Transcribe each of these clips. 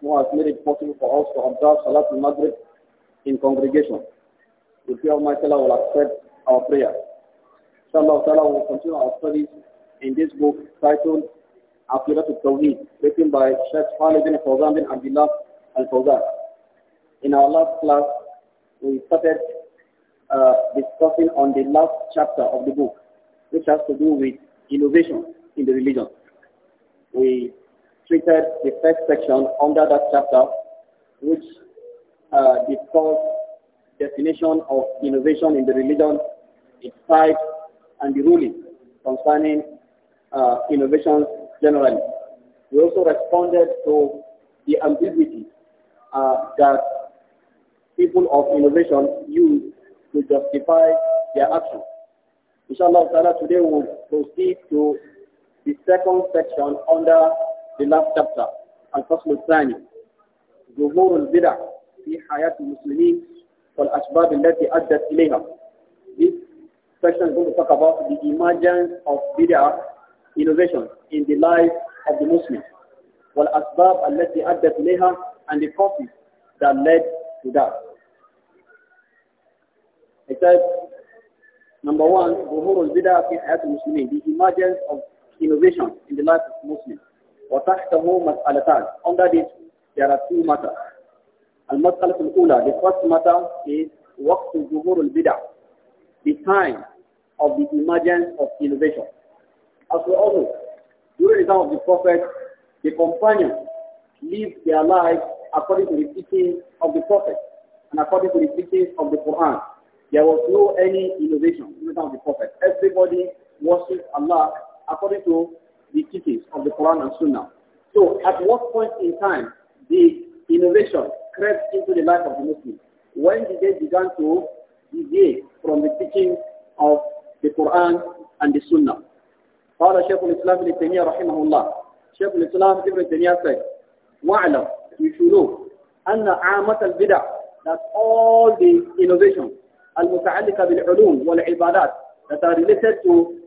who has made it possible for us to observe Salat al-Maghrib in congregation. We pray Almighty Allah will accept our prayer. Inshallah Allah will continue our studies in this book titled Aqidat al-Tawheed, written by Sheikh Khalid bin Fawzan bin Abdullah al-Fawzan. In our last class, we started uh, discussing on the last chapter of the book, which has to do with innovation in the religion. We treated the first section under that chapter, which uh, discussed definition of innovation in the religion, its type, and the ruling concerning uh, innovations generally. We also responded to the ambiguity uh, that people of innovation use to justify their actions. Inshallah, today we'll proceed to the second section under the last chapter, الفصل الثاني ظهور البدع في حياة المسلمين والأسباب التي أدت إليها. This section is going to talk about the emergence of bid'ah innovation in the life of the Muslims. والأسباب التي أدت إليها and the causes that led to that. It says, number one, ظهور البدع في حياة المسلمين, the emergence of innovation in the life of Muslims. وَتَحْتَهُ مَسْأَلَتَانِ Under this, there are two matters. المسألة الأولى, the first matter is وقت ظهور البدع, the time of the emergence of innovation. As we all know, during the time of the Prophet, the companions lived their lives according to the teachings of the Prophet and according to the teachings of the Quran. There was no any innovation during the time of the Prophet. Everybody worshipped Allah according to the teachings of the Quran and Sunnah. So at what point in time did innovation crept into the life of the Muslims? When did they begin to deviate from the teaching of the Quran and the Sunnah? قال شيخ الإسلام ابن تيمية رحمه الله شيخ الإسلام ابن تيمية said واعلم you should know أن عامة البدع that all the innovations المتعلقة بالعلوم والعبادات that are related to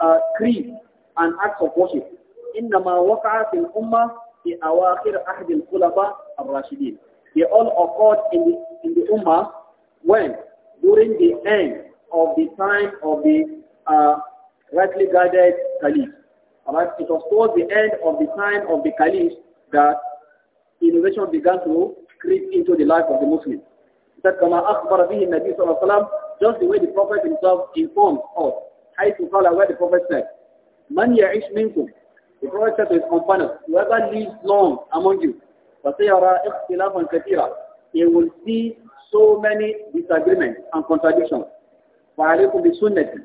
uh, creed and acts of worship. fil وقع fi الأمة ahd al أحد الخلفاء rashidin. They all occurred in the, in the Ummah when? During the end of the time of the uh, rightly guided Caliph. Alright, it was towards the end of the time of the Caliph that innovation began to creep into the life of the Muslims. That كما أخبر به النبي صلى الله عليه وسلم just the way the Prophet himself informed us. حيث قال where the Prophet said Man ya'ish minkum. The Prophet said to his companions, whoever lives long among you, فَسَيَرَى اِخْتِلَافًا كَثِيرًا He will see so many disagreements and contradictions. فَعَلَيْكُمْ بِسُنَّةِ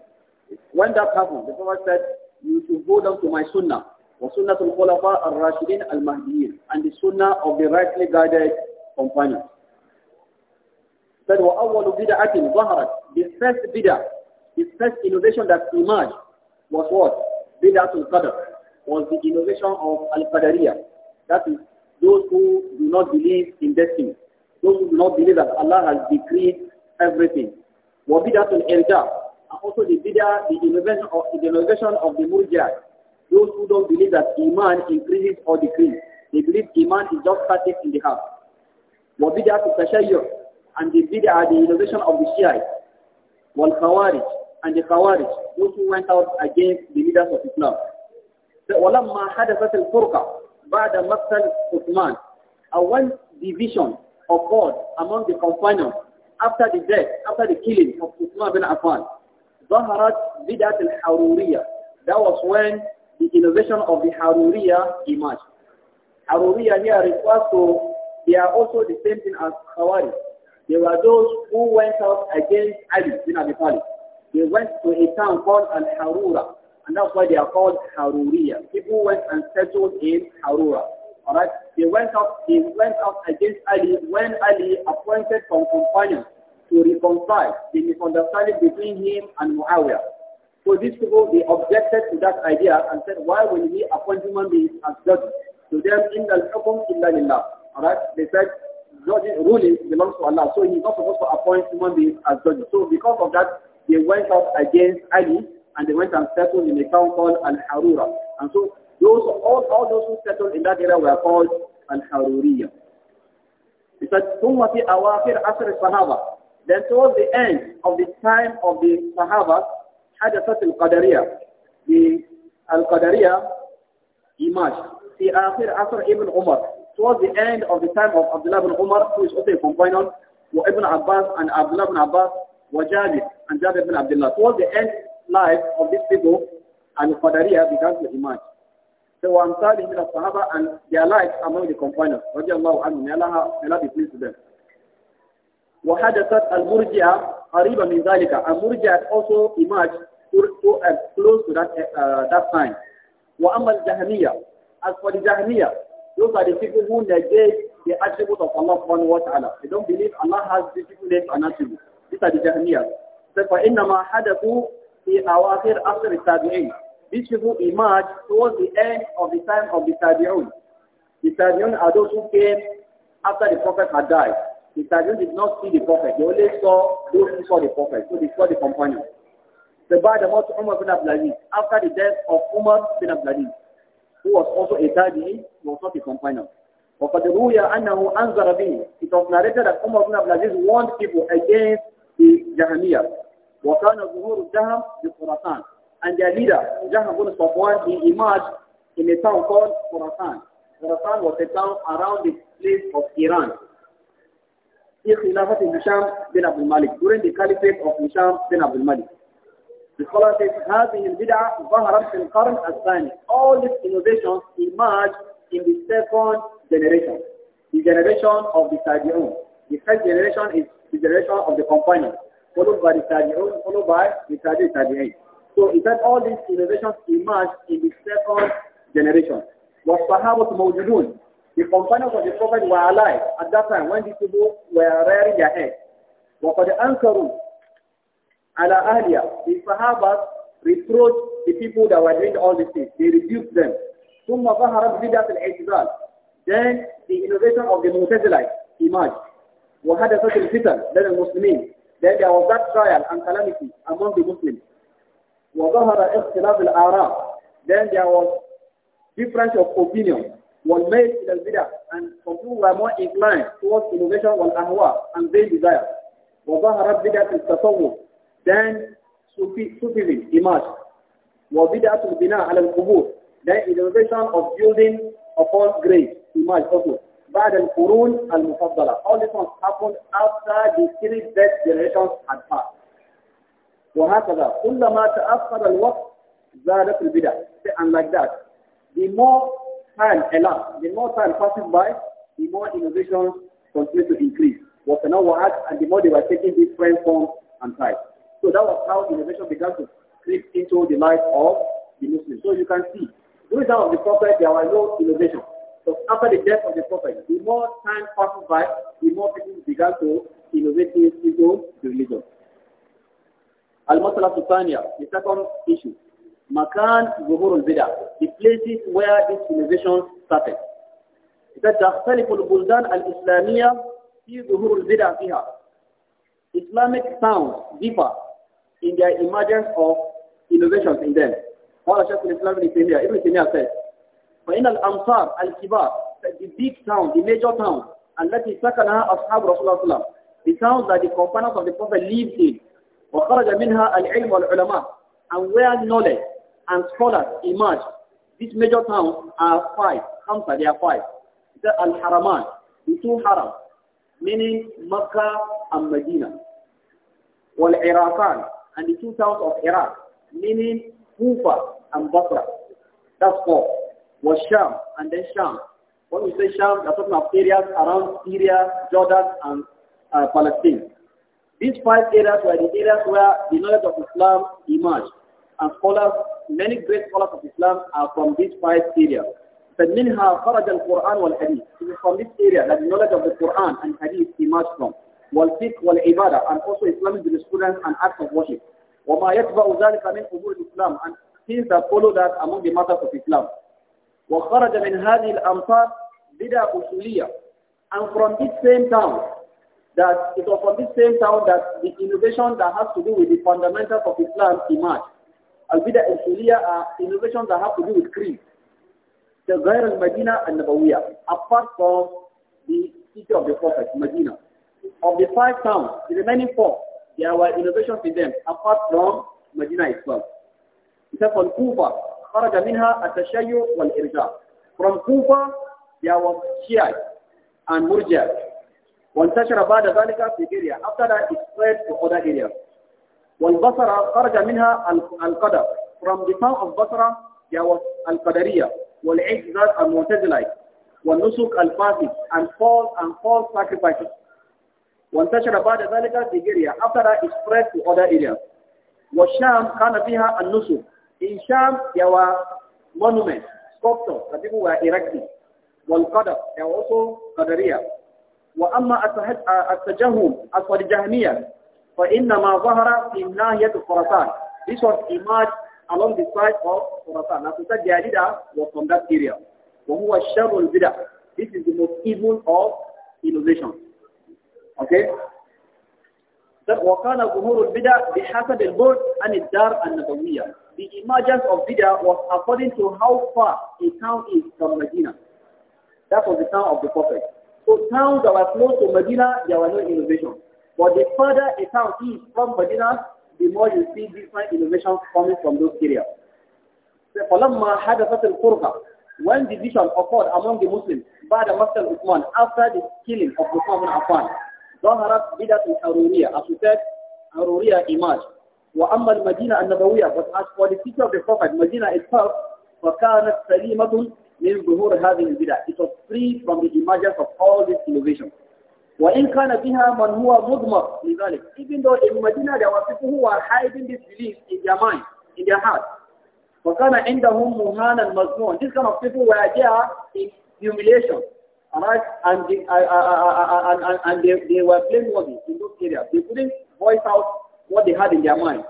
When that happened, the Prophet said, you should go down to my sunnah. وَسُنَّةُ الْخُلَفَاء الرَّاشِدِينَ الْمَهْدِيِّينَ And the sunnah of the rightly guided companions. Said, وَأَوَّلُ بِدَعَةٍ ظَهَرَتْ The first bid'ah, the first innovation that emerged was what? Bidatul Qadr was the innovation of Al-Qadariya. That is, those who do not believe in destiny. Those who do not believe that Allah has decreed everything. Wa Bidatul Irja. And also the Bidah, the innovation of, the innovation of the Those who don't believe that Iman increases or decreases. They believe Iman is just static in the heart. Wa Bidatul Tashayyur. And the Bidah, the innovation of the Shiite. Wal Khawarij and the Khawarij, those who went out against the leaders of Islam. وَلَمَّا حَدَثَتِ الْفُرْقَةِ the مَقْتَلْ عُثْمَانِ a one division occurred among the companions after the death, after the killing of Uthman bin Affan, ظَهَرَتْ بِدَةِ Haruriya. That was when the innovation of the Haruriya emerged. Haruriya here refers to, they are also the same thing as Khawarij. They were those who went out against Ali bin Abi Talib. They went to a town called Al-Harura, and that's why they are called Haruriya. People went and settled in Harura. Alright? They went up they went up against Ali when Ali appointed some companions to reconcile the misunderstanding between him and Muawiyah. So these people they objected to that idea and said, Why will he appoint human beings as judges? To them in the hukum illa lillah. Alright? They said judging ruling belongs to Allah. So he's not supposed to appoint human beings as judges. So because of that they went up against Ali and they went and settled in a town called Al-Harura. And so those, all, all those who settled in that area were called Al-Haruriya. It says, ثُمَّ Then towards the end of the time of the Sahaba, certain Qadariya. The Al-Qadariyah emerged. في آخر after ابن Umar. Towards the end of the time of Abdullah ibn Umar, who is also a companion, were Ibn Abbas and Abdullah ibn Abbas, وجابر and Jabir Abdullah. Towards the end life of these people, and qadariya began to emerge. So I'm telling you that Sahaba and their lives among the companions. Radiallahu anhu, may Allah, may be pleased with them. وحدثت المرجعة قريبا من ذلك. المرجعة also emerged to, to, uh, close to that, uh, that time. وأما الجهمية As for the Jahmiyyah, those are the people who negate the attributes of Allah subhanahu wa ta'ala. They don't believe Allah has beautiful anything. and These are the Jahmiyyah. فإنما حدثوا في أواخر عصر التابعين These people emerged towards the end of the time of the Tabi'un. The Tabi'un are those who came after the Prophet had died. The Tabi'un did not see the Prophet. They only saw those who saw the Prophet. So they saw the companion. The Ba'ad of Umar bin Abdulaziz, after the death of Umar bin Abdulaziz, who was also a Tabi'i, was not a companion. وقد روي أنه أنذر به. It was narrated that Umar bin Abdulaziz warned people against the Jahamiyyah. وكان ظهور Jaham the Khurasan. And their leader, Jaham bin Safwan, he emerged in a town called Khurasan. Khurasan was a town around the place of Iran. في خلافة هشام بن عبد الملك during the caliphate of Hisham bin Abdul Malik. The scholar says, هذه البدعة ظهرت في القرن الثاني. All these innovations emerged in the second generation. The generation of the Tabi'un. The first generation is the generation of the companions followed by the Tabi'un, followed by the Tabi'un Tabi'in. So in fact, all these innovations emerged in the second generation. Was Sahabat Mawjudun, the companions of the Prophet were alive at that time when these people were rearing their heads. وَقَدْ أَنْكَرُوا عَلَى أَهْلِيَا The Sahabas reproached the people that were doing all these things. They rebuked them. ثُمَّ that in الْإِعْتِزَالِ Then the innovation of the Mu'tazilites emerged. وَحَدَثَتِ الْفِتَنِ the الْمُسْلِمِينَ then there was that trial and calamity among the Muslims. وظهر اختلاف الآراء. Then there was difference of opinion was made in the bidah and some people were more inclined towards innovation wal ahwa and vain desire. وظهرت بدعة التصوف then Sufism emerged. وبدعة البناء على القبور then innovation of building upon graves emerged also. All this ones happened after the three best generations had passed. وهكذا كلما تأخر الوقت زادت البدع. And like that, the more time elapsed, the more time passes by, the more innovations continue to increase. وتنوعت and the more they were taking different forms and types. So that was how innovation began to creep into the life of the Muslims. So you can see, without the of the Prophet, there was no innovation. So after the death of the prophet, the more time passed by, the more people began to innovate into the religion. Al-Masala Sultania, the second issue. Makan Zuhur al-Bidah, the places where this innovation started. That تختلف البلدان الإسلامية في ظهور البدع فيها. Islamic towns differ in their emergence of innovations in them. What Shaykh al-Islam Ibn Taymiyyah said, فإن al الكبار the big town, the major town, and that is سكنها أصحاب رسول الله صلى الله عليه وسلم. The town that the companions of the Prophet lived in. وخرج منها العلم والعلماء. And where knowledge and scholars emerged. These major towns are five. Khamsa, they are five. The Al-Haraman, the two haram, meaning Mecca and Medina. wal and the two towns of Iraq, meaning Kufa and Basra. That's four was Sham, and then Sham. When we say Sham, we are talking of areas around Syria, Jordan, and uh, Palestine. These five areas were the areas where the knowledge of Islam emerged, and scholars, many great scholars of Islam are from these five areas. فمنها Quran, القرآن Hadith. It is from this area that the knowledge of the Quran and Hadith emerged from. والفقه والعبادة and also Islamic jurisprudence and acts of worship. وما يتبع ذلك من أمور Islam and things that follow that among the matters of Islam. وخرج من هذه الأمطار أصولية and from this same town that it was from this same town that the innovation that has to do with the fundamentals of Islam emerged. Al-Bida al-Suliya are innovations that have to do with creed. The Ghair al-Madina and Nabawiyah, apart from the city of the Prophet, Medina. Of the five towns, the remaining four, there were innovations in them, apart from Medina itself. Except from Kufa, خرج منها التشيع والإرجاع from Kufa there was Shia and Murjia وانتشر بعد ذلك في Syria after that it spread to other areas والبصرة خرج منها القدر from the town of Basra there was القدرية والعجزة المعتزلة والنسك الفاسد and false and false sacrifices وانتشر بعد ذلك في Syria after that it spread to other areas والشام كان فيها النسك In Sham, there were monuments, sculptures that people were erecting. والقدر there were also amma وأما التجهم as for the Jahmiyyah فإنما ظهر في ناحية خراسان this was emerged along the side of Khurasan. Now, we said, was from that area. وهو al bida This is the most evil of innovation. Okay? وكان ظهور البدع بحسب البعد عن الدار النبوية. the emergence of Bidah was according to how far a town is from Medina. That was the town of the Prophet. So towns that were close to Medina, there were no innovations. But the further a town is from Medina, the more you see different innovations coming from those areas. a certain program. When division occurred among the Muslims, by the Master Uthman, after the killing of Muhammad. bin Affan, ظهرت بدعة الحرورية. As we said, Haruriya emerged. وأما المدينة النبوية but as for the city of the Prophet Medina itself فكانت سليمة من ظهور هذه البدع it was free from the emergence of all these innovations وإن كان بها من هو مضمر لذلك even though in Medina there were people who were hiding this belief in their mind in their heart وكان عندهم مهانا مزنون kind of people were there in humiliation and, they, uh, uh, uh, and, uh, uh, uh, and they, they were blameworthy in those areas they couldn't voice out what they had in their mind.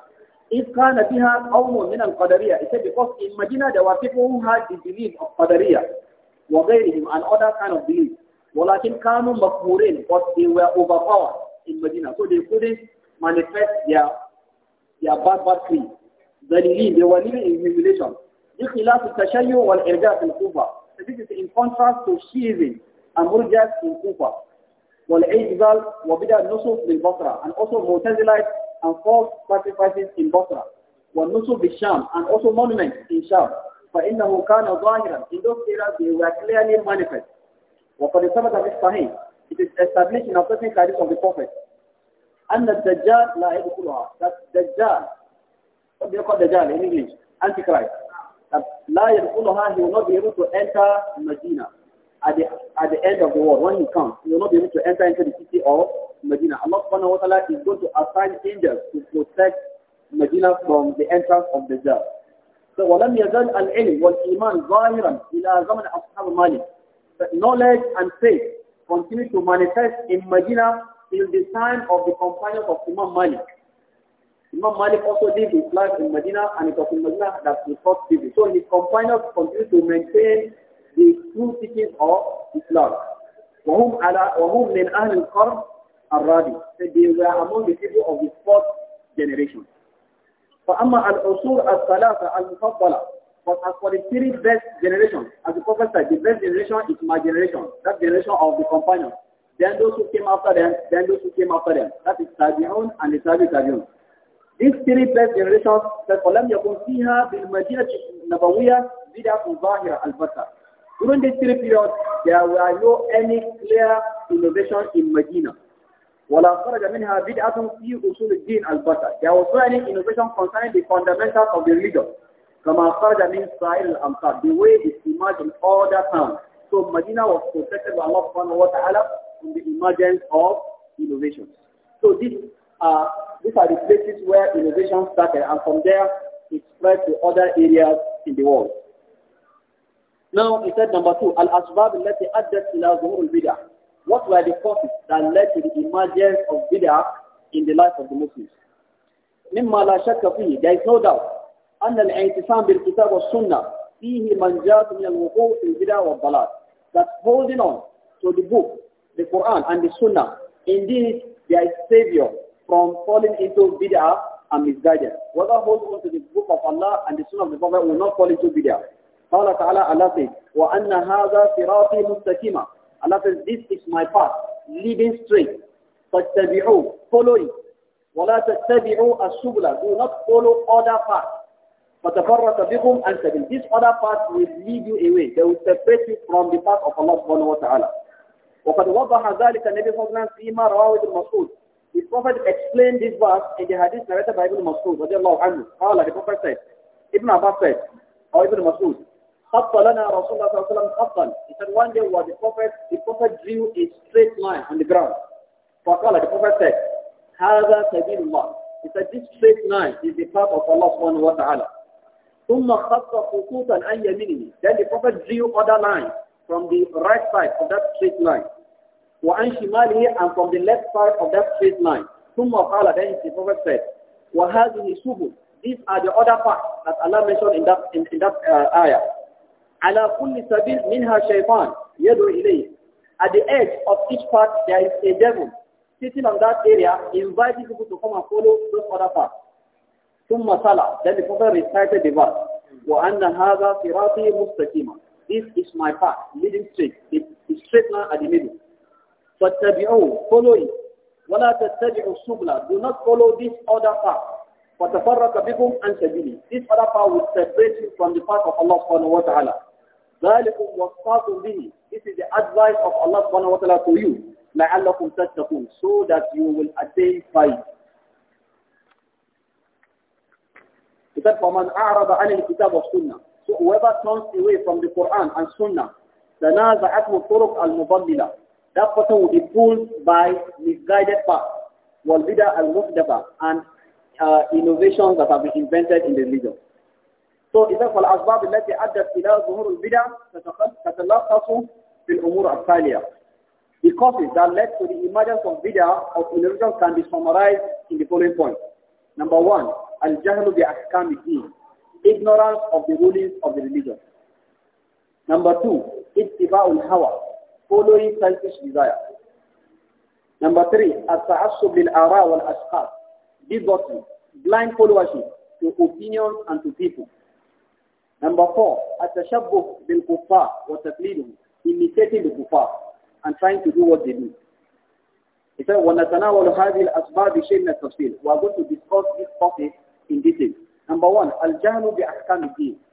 If كان فيها قوم من القدرية, he said because in Medina there were people who had the belief of قدرية وغيرهم and other kind of belief. ولكن كانوا مقهورين but they were overpowered in Medina. So they couldn't manifest their, their bad, bad creed. ذليلين, they were living in humiliation. بخلاف التشيع والإرجاء في الكوفة. So this is in contrast to Shiism and Murjias in Kufa. والإجزال Nusuf النصوص بالبصرة and also Mu'tazilites and false sacrifices in Basra, ونصب Sham and also monuments in Sham. the Hukana ظاهرا in those areas they were clearly manifest. وقد ثبت في الصحيح it is established in certain hadith of the Prophet أن الدجال لا that Dajjal what do you call Dajjal in English Antichrist that la يدخلها he will not be able to enter Medina at the, at the end of the world, when he comes, he will not be able to enter into the city of Medina. Allah subhanahu wa ta'ala is going to assign angels to protect Medina from the entrance of the Dajjal. So, وَلَمْ يَزَلْ الْعِلْمِ وَالْإِيمَانِ ظَاهِرًا إِلَى زَمَنِ أَصْحَابِ مَالِكِ But knowledge and faith continue to manifest in Medina till the time of the companions of Imam Malik. Imam Malik also lived his life in Medina and it was in Medina that he first lived. So his companions continue to maintain the true teaching of Islam. وهم على وهم من أهل القرن الرابع. So they were among the people of the fourth generation. فأما العصور الثلاثة المفضلة But as for the three best generations, as the Prophet said, the best generation is my generation, that generation of the companions. Then those who came after them, then those who came after them. That is Tabi'un and the Tabi Tabi'un. These three best generations, that فَلَمْ يَكُنْ فِيهَا بِالْمَدِينَةِ النَّبَوِيَّةِ بِدَعْةٌ ظَاهِرَةٌ الْبَتَّةِ During this three period, there were no any clear innovation in Medina. ولا خرج منها بدعة في أصول al البتة. There was no any innovation concerning the fundamentals of the religion. From خرج من سائر الأمثال. The way it emerged in all that time. So Medina was protected by Allah subhanahu wa ta'ala from the emergence of innovations. So this, uh, these are the places where innovation started and from there it spread to other areas in the world. Now he said number two, al-asbab allati addat ila zuhur al-bid'ah. What were the causes that led to the emergence of bid'ah in the life of the Muslims? مما لا شك فيه, there is no doubt أن الاعتصام بالكتاب والسنة فيه منجات من الوقوع في البدع والضلال. That holding on to the book, the Quran and the Sunnah, indeed there is savior from falling into bid'ah and misguidance. Whether holding on to the book of Allah and the Sunnah of the Prophet will not fall into bid'ah. قال تعالى Allah says, وَأَنَّ هَذَا صِرَاطِي مُسْتَكِيمًا Allah says, this is my path, leading straight. فَاتَّبِعُوا, follow it. وَلَا تَتَّبِعُوا السُّبُلَ Do not follow other path فتفرق بِكُمْ أَنْ تبين This other path will lead you away. They will separate you from the path of Allah subhanahu wa ta'ala. وقد وضح ذلك النبي صلى الله عليه وسلم فيما رواه ابن مسعود The Prophet explained this verse in the hadith narrated by Ibn Mas'ud رضي قال the Prophet said, Ibn Abbas said, or Ibn Mas'ud, خط لنا He said one day was the prophet, the prophet drew a straight line on the ground. فقال the prophet said, هذا سبيل الله. He said this straight line is the path of Allah subhanahu wa ta'ala. ثم خط خطوطا عن يمينه. Then the prophet drew other lines from the right side of that straight line. وعن شماله and from the left side of that straight line. ثم قال then the prophet said, وهذه سبل. These are the other parts that Allah mentioned in that, in, in that uh, ayah. على كل سبيل منها شيطان يدعو إليه. At the edge of each path there is a devil sitting on that area inviting people to come and follow those other paths. ثم صلى Then the Prophet recited the verse. وأن هذا صراطي مستقيما. This is my path, leading straight. It is straight now at the middle. فاتبعوه, follow it. ولا تتبعوا السبل. Do not follow this other path. فَتَفَرَّقَ بِكُمْ عَنْ سَبِيلِي This other part will separate you from the path of Allah subhanahu wa ta'ala. ذَلِكُمْ وَصَّاكُمْ بِهِ This is the advice of Allah subhanahu wa ta'ala to you. لَعَلَّكُمْ تَتَّقُونَ So that you will attain faith. He said, فَمَنْ أَعْرَضَ عَنِ الْكِتَابِ وَالسُّنَّةِ So whoever turns away from the Quran and Sunnah, تَنَازَعَتْهُ طُرُقْ الْمُضَلِّلَةِ That person will be pulled by misguided path. وَالْبِدَى الْمُفْدَفَةِ And uh, innovations that have been invented in the religion. So إذا فالأسباب التي أدت إلى ظهور البدع تتلخص في الأمور التالية. The causes that led to the emergence of bid'ah of innovation can be summarized in the following points. Number one, al-jahlu bi-ahkam ignorance of the rulings of the religion. Number two, al hawa, following selfish desire. Number three, taassub bil lil-ara wal-ashqas, bigotry, blind followership to opinions and to people. Number four, at-tashabbuh bil kuffar a taqliduhum, imitating the kuffar and trying to do what they do. He said, وَنَتَنَاوَلُ هَذِهِ الْأَسْبَابِ بِشَيْءٍ التَّفْصِيل We are going to discuss this topic in detail. Number one, al-jahlu bi-ahkam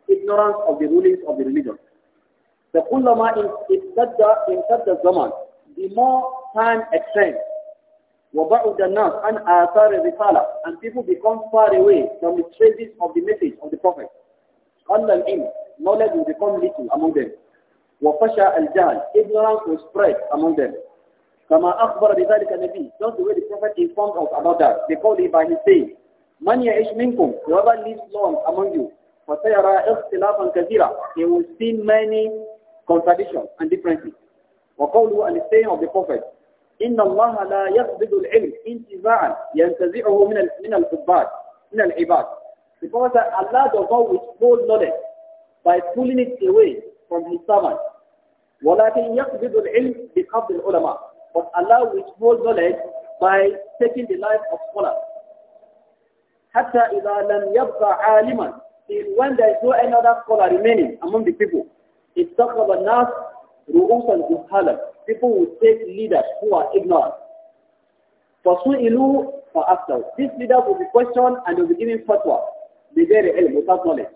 ignorance of the rulings of the religion. The kullama in, in, in, in the zaman, the more time extends, وَبَعُدَ النَّاسِ أَنْ آثَارِ الرِّسَالَةِ And people become far away from the traces of the message of the Prophet. قَلَّ الْعِلْمِ Knowledge will become little among them. وَفَشَى الْجَهْلِ Ignorance will spread among them. كما أخبر بذلك النبي Just the way the Prophet informed us about that. They call it by his saying, من يعيش منكم Whoever lives long among you فسيرى اختلافا كثيرا He will see many contradictions and differences. وقوله and the saying of the Prophet إن الله لا يقبض العلم انتزاعا ينتزعه من من العباد من العباد because Allah does not withhold knowledge by pulling it away from his servants. ولكن يقبض العلم بقبض العلماء but Allah withhold knowledge by taking the life of scholars حتى إذا لم يبقى عالما till when there is no another scholar remaining among the people اتخذ الناس رؤوسا جهالا people will take leaders who are ignorant. for after These leaders will be questioned and they will be given fatwa. They very ilm without knowledge.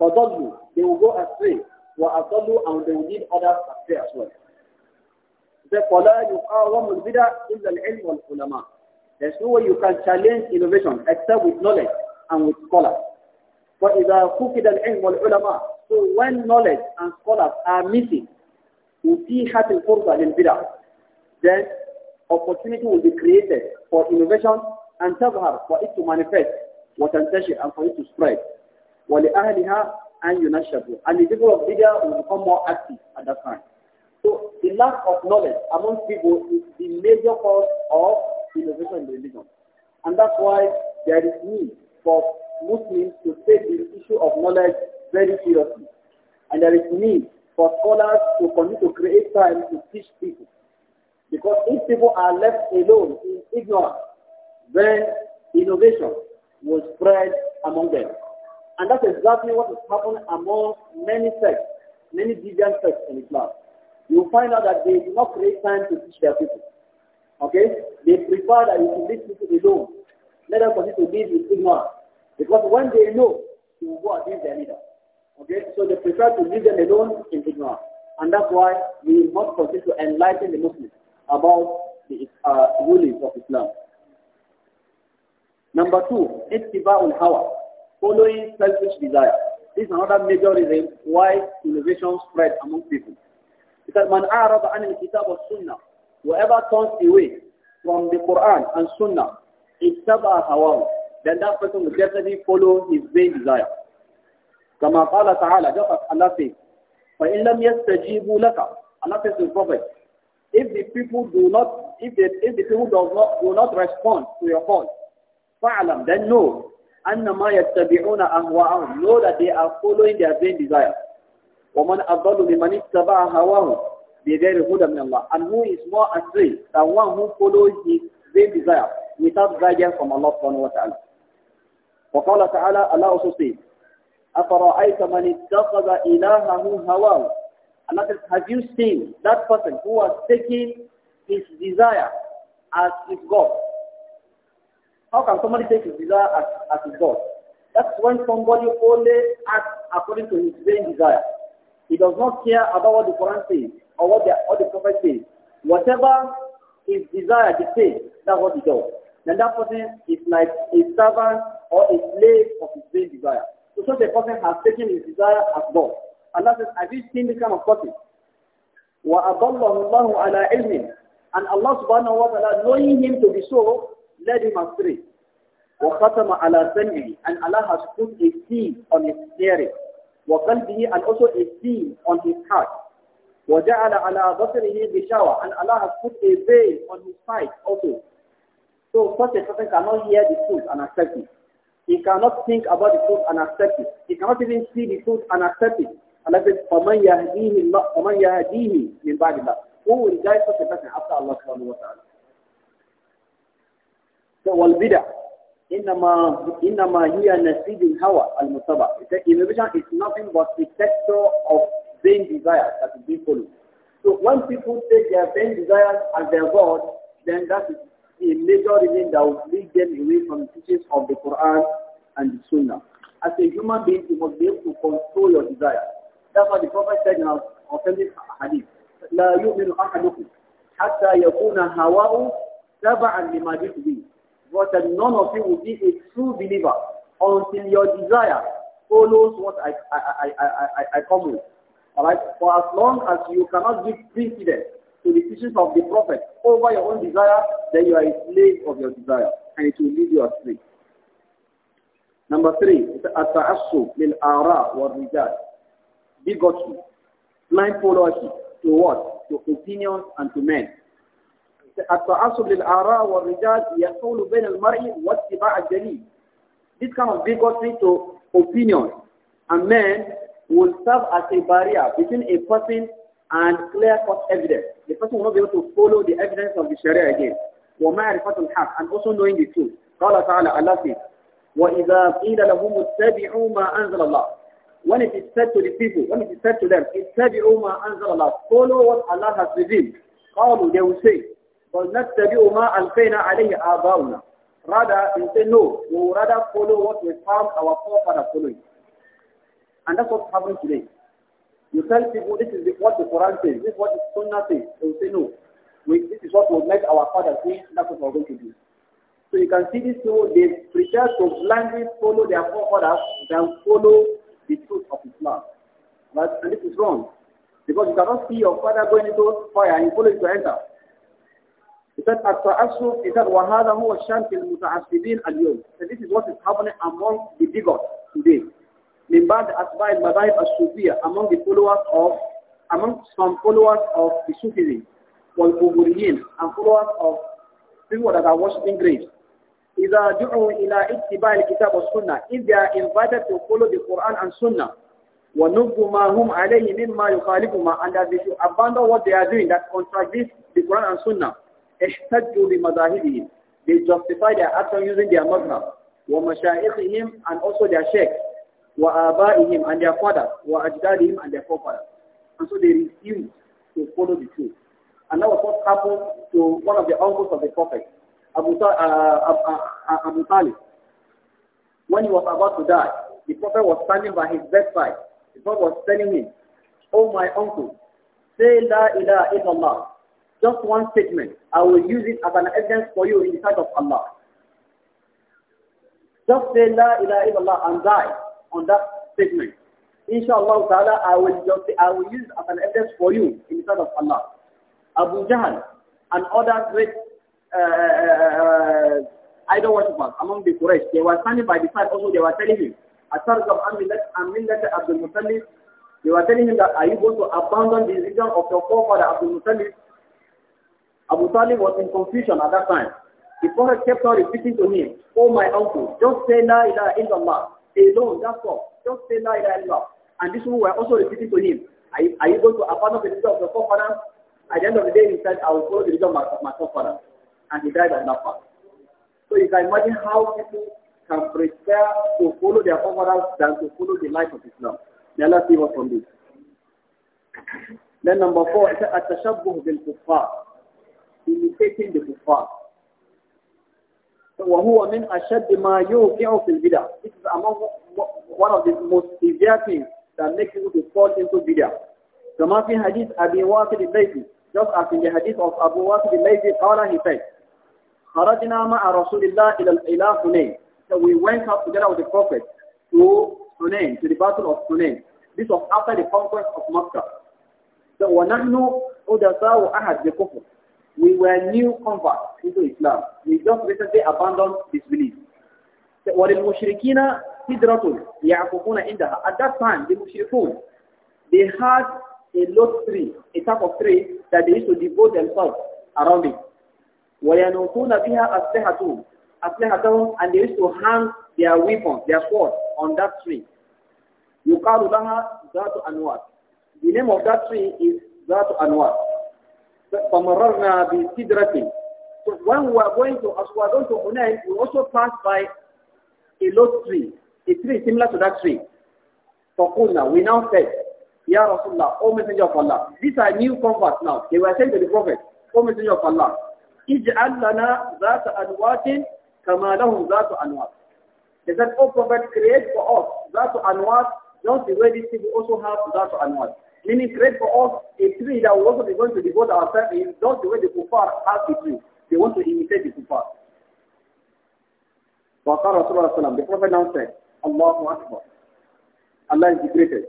فَضَلُّوا They will go astray. وَأَضَلُّوا And they will lead others astray as well. There's no way you can challenge innovation except with knowledge and with scholars. فَإِذَا فُكِدَ الْعِلْمُ ulama, So when knowledge and scholars are missing, أتيحت الفرصة للبدع then opportunity will be created for innovation and تظهر for it to manifest وتنتشر and for it to spread ولأهلها أن ينشطوا and the people of Libya will become more active at that time. So the lack of knowledge among people is the major cause of innovation in religion. And that's why there is need for Muslims to take the issue of knowledge very seriously. And there is need for scholars to continue to create time to teach people. Because if people are left alone in ignorance, then innovation will spread among them. And that's exactly what has happened among many sects, many deviant sects in Islam. You find out that they do not create time to teach their people. Okay? They prefer that you should leave people alone. Let them continue to live in ignorance. Because when they know, they will go against their leader. Okay, so they prefer to leave them alone in ignorance. And that's why we must continue to enlighten the Muslims about the uh, rulings of Islam. Number two, ittiba'ul hawa, following selfish desire. This is another major reason why innovation spread among people. Because man a'rada an al-kitab al sunnah, whoever turns away from the Quran and sunnah, ittaba'a hawa, then that person will definitely follow his vain desire. كما قال تعالى جاءت الله في فَإِنْ لَمْ يَسْتَجِيبُوا لَكَ الله في to the if the people do not, if the, if the people do not, do not respond to your call, فَعْلَمْ Then know, أَنَّمَا يَتَّبِعُونَ أَهْوَاءَهُمْ Know that they are following their vain desires. وَمَنْ أَضَّلُ مِمَنِ اتَّبَعَ هَوَاهُ بِغَيْرِ هُدًى مِنَ اللَّهِ And who is more astray than one who follows his vain desire without guidance from Allah subhanahu wa ta'ala. وقال تعالى, الله سبحانه أَفَرَأَيْتَ مَنِ اتَّخَذَ إِلَهَهُ هَوَاهُ have you seen that person who was taking his desire as his God? How can somebody take his desire as, as his God? That's when somebody only acts according to his vain desire. He does not care about what the Quran says or what the, what the Prophet says. Whatever his desire dictates, that's what he does. Then that person is like a servant or a slave of his vain desire. So the person has taken his desire as God. Allah says, have you seen this kind of person? وَأَضَلَّهُ اللَّهُ عَلَىٰ And Allah subhanahu wa ta'ala, knowing him to be so, led him astray. وَخَتَمَ عَلَىٰ سَمْعِهِ And Allah has put a seal on his hearing. وَقَلْبِهِ And also a seal on his heart. وَجَعَلَ عَلَىٰ بَصِرِهِ بِشَوَىٰ And Allah has put a veil on his sight also. So such a person cannot hear the truth and accept it. He cannot think about the truth and accept it. He cannot even see the truth and accept it. Allah says, فَمَنْ يَهْدِيهِ اللَّهِ فَمَنْ يَهْدِيهِ مِنْ بَعْدِ اللَّهِ Who will guide such a person after Allah subhanahu wa ta'ala? So, وَالْبِدَعْ إِنَّمَا, إنما هِيَ نَسِيدِ الْهَوَى الْمُتَبَعِ Innovation is nothing but the sector of vain desires that is being followed. So when people take their vain desires as their God, then that is a major reason that would lead them away from the teachings of the Quran and the Sunnah. As a human being, you must be able to control your desire. That's what the Prophet said in our authentic hadith. لا يؤمن أحدكم حتى يكون هواه تبعا لما جئت به. But that none of you will be a true believer until your desire follows what I, I, I, I, I, I come with. Alright? For as long as you cannot give precedence to the teachings of the Prophet over your own desire, then you are a slave of your desire and it will lead you astray. Number three, التعصب للآراء والرجال. Bigotry, blind following to what? To opinions and to men. This kind of bigotry to opinions and men will serve as a barrier between a person and clear-cut evidence. The person will not be able to follow the evidence of the Sharia again. ومعرفة الحق and also knowing the truth. قال تعالى Allah says, وَإِذَا قِيلَ لَهُمُ اتَّبِعُوا مَا أَنزَلَ اللَّهُ When it is said to the people, when it is said to them, اتَّبِعُوا مَا أَنزَلَ اللَّهُ Follow what Allah has revealed. قالوا they will say, وَلْنَتَّبِعُوا مَا أَلْفَيْنَا عَلَيْهِ آبَاؤُنَا Rather, they say no, we will rather follow what we found our forefathers following. And that's what's happening today. You tell people this is what the Quran says, this is what the Sunnah says. They will say, no, we, this is what will make our father. think, that's what we're going to do. So you can see this too. they prefer to blindly follow their forefathers than follow the truth of Islam. But, and this is wrong. Because you cannot see your father going into fire and you follow him to enter. He said, التعصب he said وهذا هو الشان في المتعصبين اليوم. So this is what is happening among the bigots today min ba'd asba'il among the followers of among some followers of the Sufism wal and followers of people that are worshiping graves إذا دعوا إلى اتباع الكتاب والسنة if they are invited to follow the Quran and Sunnah ونبوا ما هم عليه مما يخالفهما and that they should abandon what they are doing that contradicts the Quran and Sunnah احتجوا بمذاهبهم they justify their action using their madhab ومشايخهم and also their sheikhs وآبائهم and their fathers, وأجدادهم and their forefathers. And so they refused to follow the truth. And that was what happened to one of the uncles of the prophet, Abu, uh, uh, uh, uh, Abu Talib. When he was about to die, the prophet was standing by his bedside. The prophet was telling him, Oh my uncle, say La ilaha illallah. Just one statement. I will use it as an evidence for you in the sight of Allah. Just say La ilaha illallah and die on that statement. Inshallah ta'ala, I will just I will use as an evidence for you in front of Allah. Abu Jahl and other great uh, uh, uh idol worshippers among the Quraysh, they were standing by the side also, they were telling him, I Amillat Amillat Abdul Muttalib, they were telling him that are you going to abandon the religion of your forefather Abdul Muttalib? Abu Talib was in confusion at that time. The Prophet kept on repeating to him, Oh my uncle, just say La ilaha illallah alone, that's all. Just say La ilaha love. And this one were also repeating to him, are you, are you going to abandon the religion of your forefathers? At the end of the day, he said, I will follow the religion of my forefathers. And he died on that path. So you can imagine how people can prefer to follow their forefathers than to follow the life of Islam. they are not us from this. Then number four, the bil bil-kuffar. Imitating the kuffar. وهو من أشد ما يوقع في البدع. This is among one of the most severe things that makes people to fall into bid'ah. كما في حديث أبي واقد الليثي just as in the hadith of Abu Wasid al-Laythi قال he said خرجنا مع رسول الله إلى إلى حنين so we went up together with the prophet to Hunain to the battle of Hunain this was after the conquest of Makkah so ونحن أدساء أحد بكفر we were new converts into Islam don't recently abandon belief. وَلِلْمُشْرِكِينَ سِدْرَةٌ يَعْقُفُونَ عِنْدَهَا At that time, the mushrikun, they had a lot tree, a type of tree that they used to devote themselves around it. وَيَنُوتُونَ بِهَا And they used to hang their weapons, their swords on that tree. يُقَالُ لَهَا ذَاتُ أَنْوَارٍ The name of that tree is ذَاتُ أَنْوَارٍ فَمَرَرْنَا بِسِدْرَةٍ when we are going to, as we going to we also pass by a low tree, a tree similar to that tree. Kuna, we now said, Ya Rasulullah, O Messenger of Allah. These are new converts now. They were sent to the Prophet, O Messenger of Allah. Ij'al lana ذات أنوات كما لهم ذات أنوات. They said, O Prophet, create for us ذات أنوات, not the way these people also have ذات أنوات. Meaning create for us a tree that we also be going to devote ourselves in, not the way the kuffar have the tree. They want to imitate the kuffar. Waqar Rasulullah the Prophet now said, Allahu Akbar. Allah is the greatest.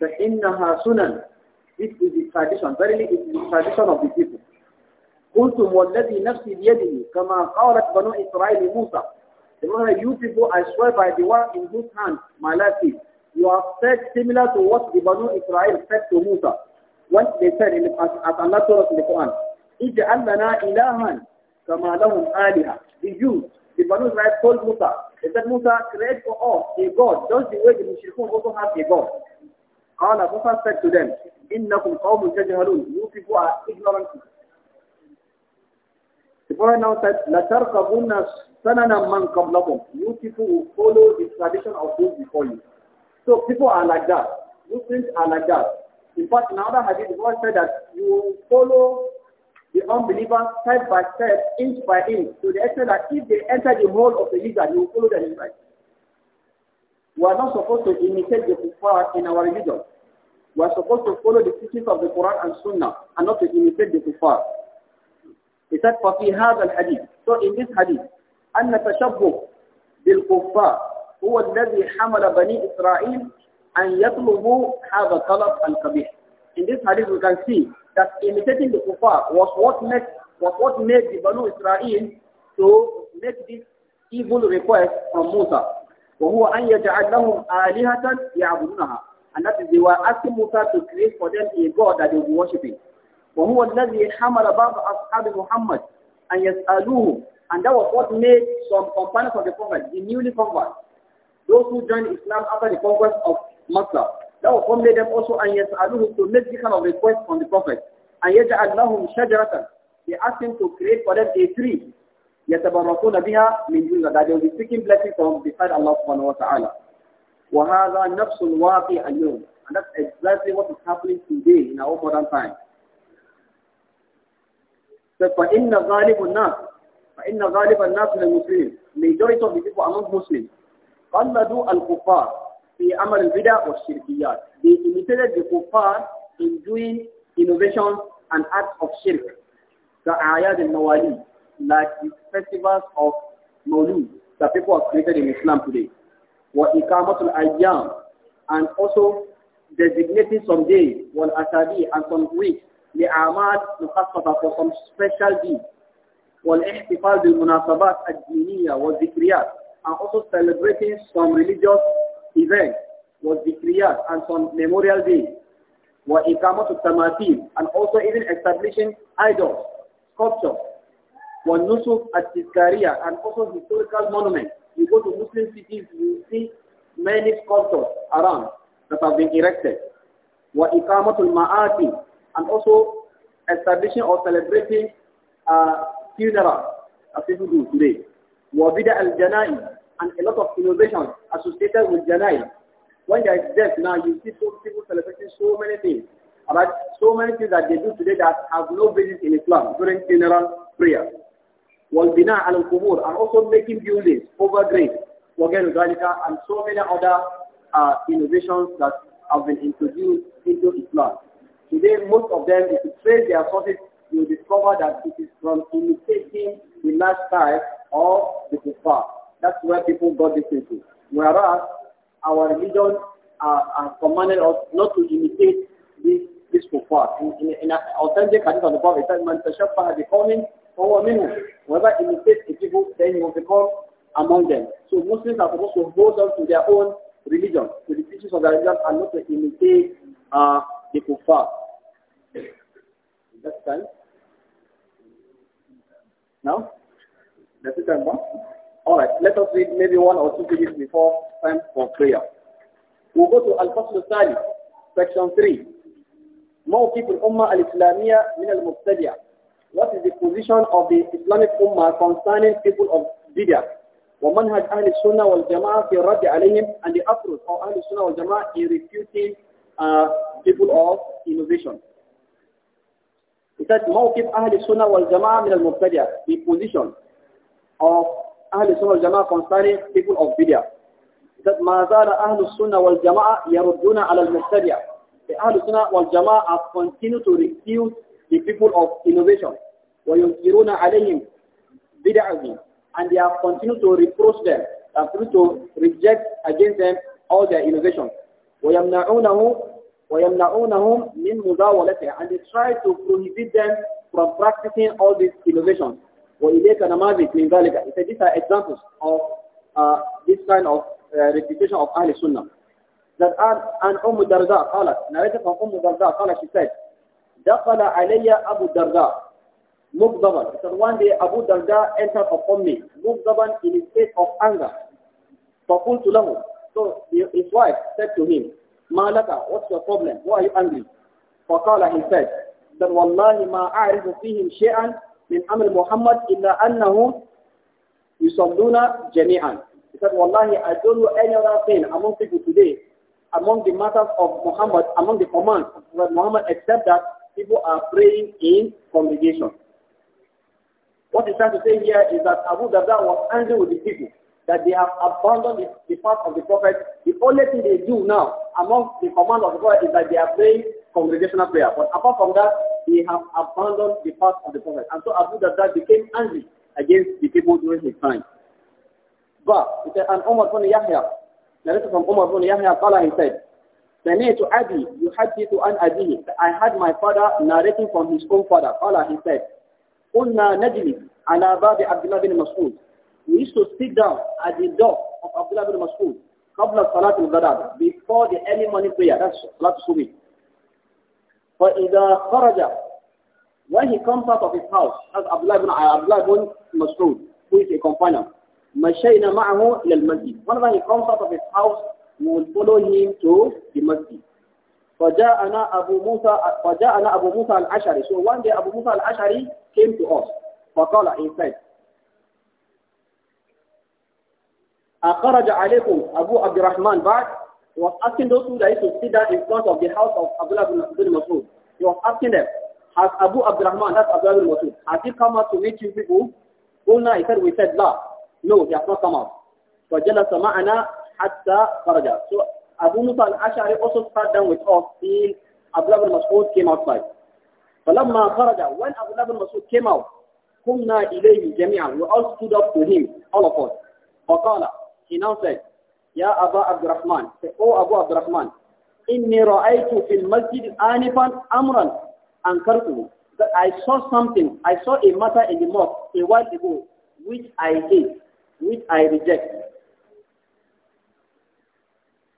فَإِنَّهَا sunan. This is the tradition. Verily, it is the tradition of the people. قلتم والذي نفسي بيده كما قالت بنو إسرائيل موسى The Lord, you people, I swear by the one in whose hand my life is. You are said similar to what the Banu Israel said to Musa. What they said in, as, as Allah told in the Quran. اجعل لنا إلها كَمَا لَهُمْ آلِهَةٌ The Jews, the Banu Israel told Musa, they said, Musa, create for us a God, just the way the Mushrikun also have a God. قال Musa said to them, إِنَّكُمْ قَوْمٌ تَجْهَلُونَ You people are ignorant. The Prophet now said, لَتَرْكَبُنَّ سَنَنَا مَنْ قَبْلَكُمْ You people will follow the tradition of those before you. So people are like that. Muslims are like that. In fact, in another hadith, the Prophet said that you will follow the unbeliever step by step, inch by inch, to the extent that if they enter the hole of the leader, you will follow them right. We are not supposed to imitate the kuffar in our religion. We are supposed to follow the teachings of the Quran and Sunnah and not to imitate the kuffar. He said, فَفِي هَذَا hadith, So in this hadith, أَنَّ تَشَبُّهُ بِالْكُفَّارِ هو الذي حمل بني إسرائيل أن يطلبوا هذا الطلب القبيح. In this hadith we can see that imitating the kuffar was what made, was what made the Banu Israel to make this evil request from Musa. وهو يعبدونها and that is they were asking Musa to create for them a god that they would worship وهو الذي حمل بعض أصحاب محمد and that was what made some companions of the prophet the newly converts, those who joined Islam after the conquest of Makkah, that will formulate them also and yas'aluhu to make this kind of request from the Prophet. And yaj'al lahum shajaratan. They asked him to create for them a tree. يَتَبَرَّكُونَ بِهَا مِنْ جُنْدَ That they will be seeking blessings from beside Allah subhanahu wa ta'ala. وَهَذَا نَفْسُ الْوَاقِعَ الْيَوْمِ And that's exactly what is happening today in our modern time. So فَإِنَّ غَالِبُ النَّاسِ فَإِنَّ غَالِبَ النَّاسِ لَلْمُسْلِمِينَ Majority of the people are not Muslims. قَلَّدُوا الْكُفَّارِ في أمر البدع والشركيات. They imitated the kuffar in doing innovations and acts of shirk. كأعياد Mawali, like the festivals of Mawlid that people have created in Islam today. وإقامة الأيام and also designating some days والأسابيع and some weeks لأعمال مخصصة for some special deeds والاحتفال بالمناسبات الدينية والذكريات and also celebrating some religious event was decreed and some memorial days were ikamatu and also even establishing idols, sculptures, were nusuf at Tiskaria and also historical monuments. You go to Muslim cities, you see many sculptures around that have been erected. Were ikamatul ma'ati and also establishing or celebrating uh, funerals as people do today. al-janai and a lot of innovation associated with Janai. When there is death now, you see so people celebrating so many things about so many things that they do today that have no basis in Islam during funeral prayer. Walbina al kubur and also making buildings over graves, and so many other uh, innovations that have been introduced into Islam. Today, most of them, if you trace their sources, you discover that it is from imitating the last lifestyle of the kuffar. That's where people got this into. Whereas our religion are, uh, uh, commanded us not to imitate this this kuffar. In, in, in an authentic hadith of the Prophet, man tashaffaha bi qawmin fahuwa minhum. Whoever imitates the people, then he will become among them. So Muslims are supposed to hold on to their own religion, to the teachings of their religion, and not to imitate uh, the kuffar. That's time. Now, that's it, Alright, let us read maybe one or two pages before time for prayer. We'll go to Al-Fasl Sali, section 3. موقف الأمة الإسلامية من المبتدع. What is the position of the Islamic Ummah concerning people of bid'ah? ومنهج أهل السنة والجماعة في الرد عليهم and the approach of أهل السنة والجماعة in refuting uh, people of innovation. It says موقف أهل السنة والجماعة من المبتدع. The position of Ahlul Sunnah wal-Jama'ah concerning people of Bidya. That Mazala Ahlul Sunnah wal-Jama'ah yarudduna ala al-Mustadiya. The Ahlul Sunnah wal-Jama'ah have continued to refute the people of innovation. وَيُنْكِرُونَ عَلَيْهِمْ بِدَعَهِمْ And they have continued to reproach them, have to reject against them all their innovations. ويمنعونهم وَيَمْنَعُونَهُم مِنْ مُدَاوَلَتِهِ And they try to prohibit them from practicing all these innovations. وَإِلَيْكَ نَمَاذِكْ مِنْ ذَلِكَ He these are examples of uh, this kind of uh, reputation of Ahl Sunnah. That an, an Umm Darda قالت, narrated from Umm Darda قالت, she said, دَقَلَ عَلَيَّ أَبُ Darda مُغْضَبًا He said, one day Abu Darda entered upon me, مُغْضَبًا in a state of anger. فَقُلْتُ لَهُ So his wife said to him, مَا لَكَ What's your problem? Why are you angry? فَقَالَ He said, that وَاللَّهِ مَا أَعْرِفُ فِيهِمْ شَيْئًا min amr Muhammad illa annahum yusalluna jami'an. He said, Wallahi, I don't know any other thing among people today, among the matters of Muhammad, among the commands of Muhammad, except that people are praying in congregation. What he's trying to say here is that Abu Darda was angry with the people, that they have abandoned the, the path of the Prophet. The only thing they do now among the command of the Prophet is that they are praying congregational prayer. But apart from that, he have abandoned the path of the Prophet. And so Abu Darda became angry against the people during his time. But he said, and Umar ibn Yahya, narrated from Umar ibn Yahya, Allah he said, you had to an Abi. I had my father narrating from his own father Allah he said قلنا نجلس على the Abdullah bin بن We used to sit down at the door of Abdullah bin Mas'ud before the early morning prayer that's صلاة الصبح فإذا خرج when he comes out of his house as Abdullah ibn, Abdullah ibn Mas'ud who is a companion مشينا معه إلى المسجد whenever he comes out of his house we will follow him to the masjid فجاءنا أبو موسى فجاءنا أبو موسى العشري so one day أبو موسى العشري came to us فقال he said أخرج عليكم أبو عبد الرحمن بعد was asking those who used to sit down in front of the house of Abdullah bin Masud. He was asking them, has Abu Abdurrahman, that's Abdullah bin Masud, has he come out to meet you people? Qulna, he said, we said, La. No, he has not come out. فَجَلَسَ مَعَنَا حَتَّى خَرَجَ So Abu Musa al-Ash'ari also sat down with us till Abdullah bin Masud came outside. فَلَمَّا خَرَجَ When Abdullah bin Masud came out, قُمْنَا إِلَيْهِ جَمِيعًا We all stood up to him, all of us. فَقَالَ He now said, يا أبا عبد الرحمن أو أبو عبد الرحمن إني رأيت في المسجد آنفا أمرا أنكرته that I saw something, I saw a matter in the mosque a while ago which I hate, which I reject.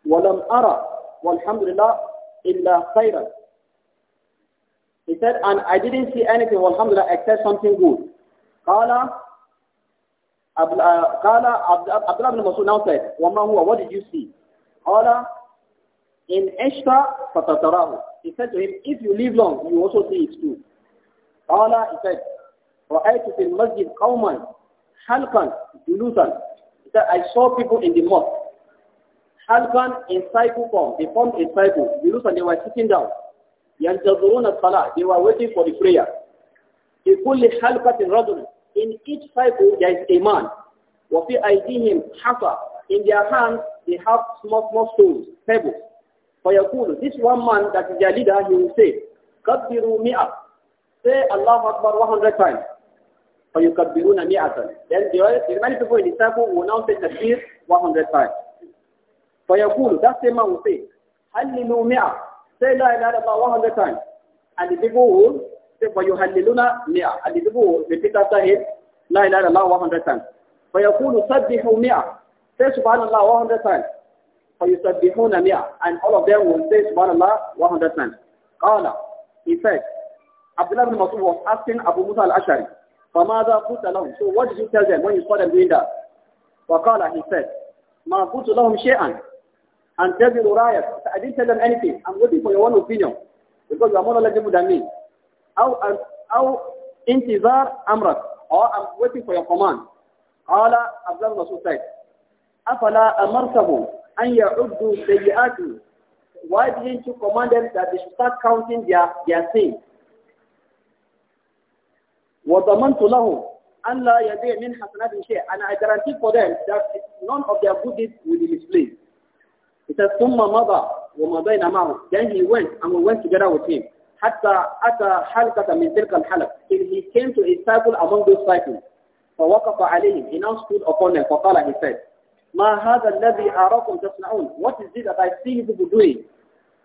ولم أرى والحمد لله إلا خيرا He said, and I didn't see anything, walhamdulillah, except something good. قال Uh, qala Abdullah ibn Masud now said, what did you see? Qala, in Ishta He said to him, if you live long, you also see it too. Qala, he said, رأيت في المسجد قوما حلقا جلوسا. He said, I saw people in the mosque. Halkan in cycle form, they formed a cycle. Julusan, they were sitting down. ينتظرون الصلاة, they were waiting for the prayer. في كل حلقة رجل in each cycle there is a man. وَفِي him حَفَى In their hands they have small, small stones, pebbles. فَيَقُولُ This one man that is their leader, he will say, كَبِّرُوا مِئَةً Say Allah Akbar 100 times. فَيُكَبِّرُونَ مِئَةً Then the remaining people in the circle will now say takbir 100 times. فَيَقُولُ That same man will say, هَلِّلُوا mia." Say La ilaha 100 times. And the people will ويهللون مئة اللي يجيبوا repeat after him لا إله إلا الله 100 times فيقول سبحوا مئة say سبحان الله 100 times فيسبحون مئة and all of them will say سبحان الله 100 times قال he said Abdullah bin Masud was asking Abu Musa al-Ashari فماذا قلت لهم so what did you tell them when you saw them doing that وقال he said ما قلت لهم شيئا and tell the rurayat I didn't tell them anything I'm waiting for your own opinion because you are more knowledgeable than me أو أو انتظار أمرك or I'm waiting for your command قال عبد الله رسول said أفلا أمرتهم أن يعدوا سيئاتهم Why didn't you command them that they should start counting their, their sins? وضمنت لهم أن لا يضيع من حسناتهم شيء and I guarantee for them that none of their good deeds will be misplaced. It says ثم مضى ومضينا معه Then he went and we went together with him. حتى أتى حلقة من تلك الحلقة till he came to a circle among those cycles فوقف عليهم he now stood upon them فقال he said ما هذا الذي أراكم تصنعون what is it that I see you people doing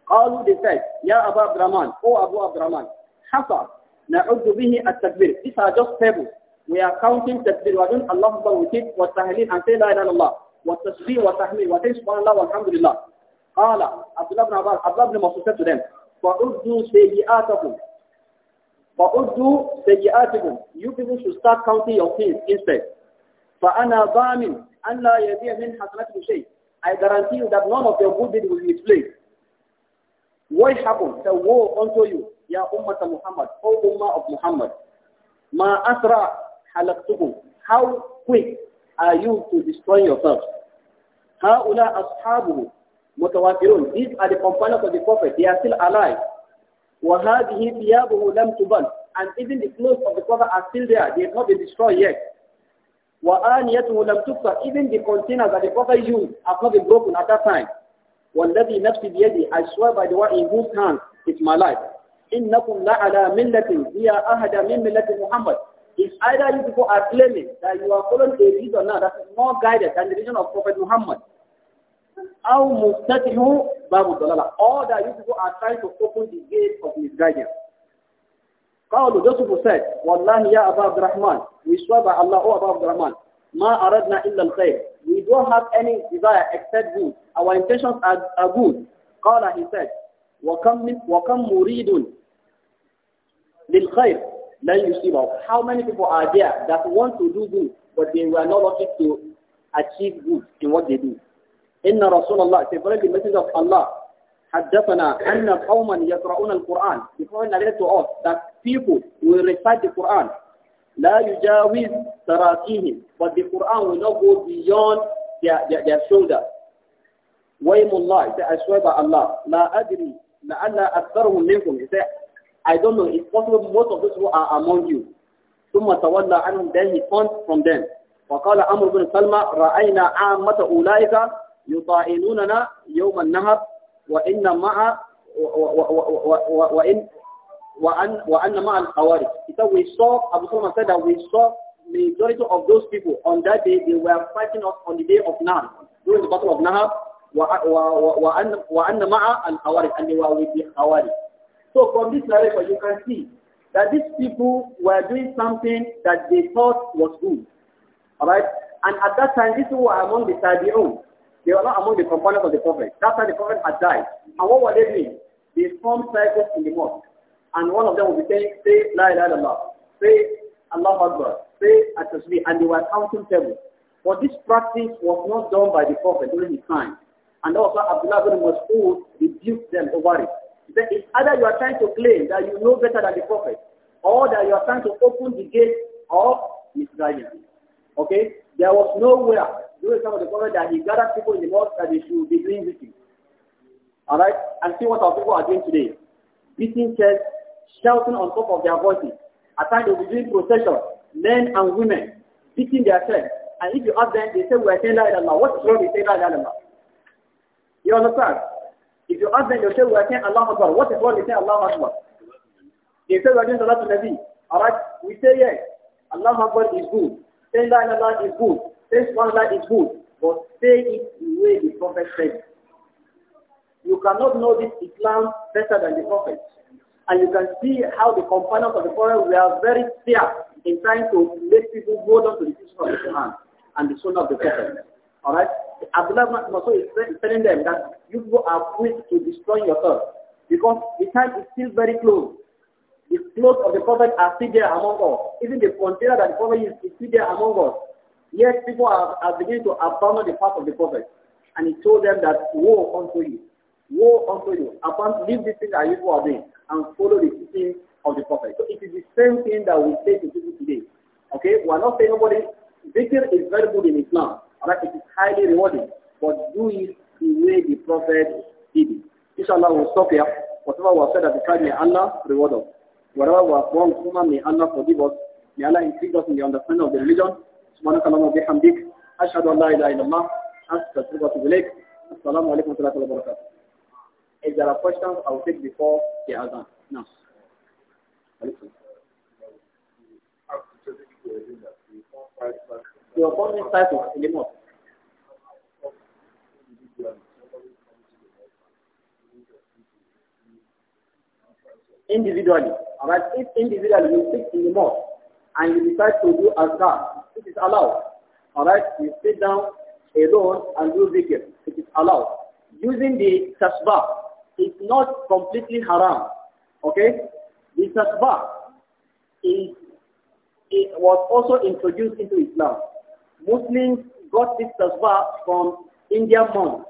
قالوا they said يا أبا عبد الرحمن أو أبو عبد الرحمن حصى نعد به التكبير these are just tables we are counting تكبير وعدون الله أكبر وكيد والتهليل أن لا إله إلا الله والتسبيح والتحميد وتسبح الله والحمد لله قال عبد الله بن عباس عبد الله بن مسعود to them فَعُدُّوا سَيِّئَاتَكُمْ فَعُدُّوا سَيِّئَاتِكُمْ You people should start counting your sins instead. فَأَنَا ضَامِنْ أَنْ لَا يَذِيَ مِنْ حَسَنَتِكُمْ شَيْء I guarantee you that none of your good deeds will be misplaced. What happened? The war unto you, Ya Ummah Muhammad, O Ummah of Muhammad. Ma asra halaktukum. How quick are you to destroy yourselves? هؤلاء أصحابه mutawafirun. These are the companions of the Prophet. They are still alive. وَهَذِهِ ثِيَابُهُ لَمْ تُبَلْ And even the clothes of the Prophet are still there. They have not been destroyed yet. وَآنِيَتُهُ لَمْ تُكْسَرْ Even the containers that the Prophet used have not been broken at that time. وَالَّذِي نَفْسِ بِيَدِهِ I swear by the one in whose hands is my life. إِنَّكُمْ لَعَلَى مِلَّةٍ هِيَ أَهَدَ مِنْ مِلَّةِ مُحَمَّدٍ It's either you people are claiming that you are following a religion now that is more guided than the religion of Prophet Muhammad all that you people are trying to open the gate of misguidance. قالوا those people said, والله يا أبا عبد الرحمن, we swear by Allah, O Abu Abdurrahman, ما أردنا إلا الخير. We don't have any desire except good. Our intentions are, are good. قال he said, وكم وكم مريد للخير لن يصيبه. How many people are there that want to do good but they were not lucky to achieve good in what they do? إن رسول الله separate the message of Allah حدثنا أن قوما يقرؤون القرآن before narrated to us that people will recite the Quran لا يجاوز تراكيهم but the Quran will not go beyond their, their, their shoulder ويم الله I swear by Allah لا أدري لعل أكثرهم منكم he said I don't know it's possible most of those who are among you ثم تولى عنهم then he turned from them وقال عمرو بن سلمى رأينا عامة أولئك يطائلوننا يوم النهر وإن مع وإن وأن وأن مع الخوارج. He we saw Abu Sulaiman said that we saw majority of those people on that day they were fighting us on the day of Nahar during the battle of Nahar وأن وأن مع الخوارج and they were with the Khawarij. So from this narrative, you can see that these people were doing something that they thought was good. Alright? And at that time, this people were among the Tabi'un. They were not among the companions of the Prophet. That's why the Prophet had died. And what were they doing? They formed cycles in the mosque. And one of them would be saying, say La ilaha illallah, say Allah Akbar, say at and they were counting tables. But this practice was not done by the Prophet during his time. And also Abdullah bin Mas'ud rebuked them over it. He said, it's either you are trying to claim that you know better than the Prophet, or that you are trying to open the gate of misguidance. Okay? There was nowhere you the time of the Prophet that he gathered people in the north that they should be doing this. Alright? And see what our people are doing today. Beating chests, shouting on top of their voices. At times they'll be doing procession, men and women, beating their chests. And if you ask them, they say, we are saying La ilaha What is wrong with saying La You understand? If you ask them, they'll say, we are saying Allah Akbar. What is wrong with saying Allah Akbar? They say, we are doing Salatul Nabi. Alright? We say, yes, Allah Akbar is good. Saying La ilaha is good. This one is good, but say it the way the Prophet said. You cannot know this Islam better than the Prophet. And you can see how the companions of the Prophet were very fair in trying to make people hold on to the teaching of the Quran and the son of the Prophet. Alright? Abdullah Masud is telling them that you are quick to destroy yourself because the time is still very close. The clothes of the Prophet are still there among us. Even the container that the Prophet is still there among us. Yes, people are, are beginning to abandon the path of the prophet. And he told them that, woe unto you. Woe unto you. Upon leave this thing that you are doing and follow the teaching of the prophet. So it is the same thing that we say to people today. Okay? We are not saying nobody. Zikr is very good in Islam. Alright? It is highly rewarding. But do it the way the prophet did it. Inshallah, will stop here. Whatever was said at the time, may Allah reward us. Whatever was wrong, may Allah forgive us. May Allah increase us in the understanding of the religion. سبحانك اللهم وبحمدك أشهد أن لا إله إلا الله أستغفرك وأتوب إليك السلام عليكم الله وبركاته If there are questions, I will take before the other No. Your phone is titled in the Individually. Alright, if individually you speak in the mosque, and you decide to do azkar, it is allowed. Alright, you sit down alone and do zikr, it is allowed. Using the tasbah, it's not completely haram. Okay? The tasbah is, it was also introduced into Islam. Muslims got this tasbah from Indian monks.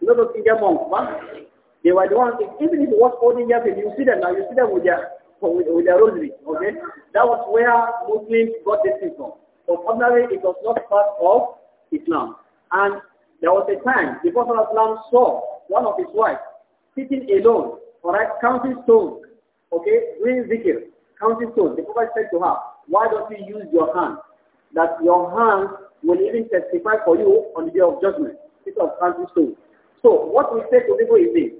You know those Indian monks, right? They were the ones, even if you watch old Indian films, you see them now, you see them with their with, with their rosary. Okay? That was where Muslims got this thing from. So ordinarily, it was not part of Islam. And there was a time the Prophet Islam saw one of his wives sitting alone, alright, counting stones, okay, doing zikr, counting stones. The Prophet said to her, why don't you use your hand? That your hand will even testify for you on the day of judgment. It was counting stones. So what we say to people is this,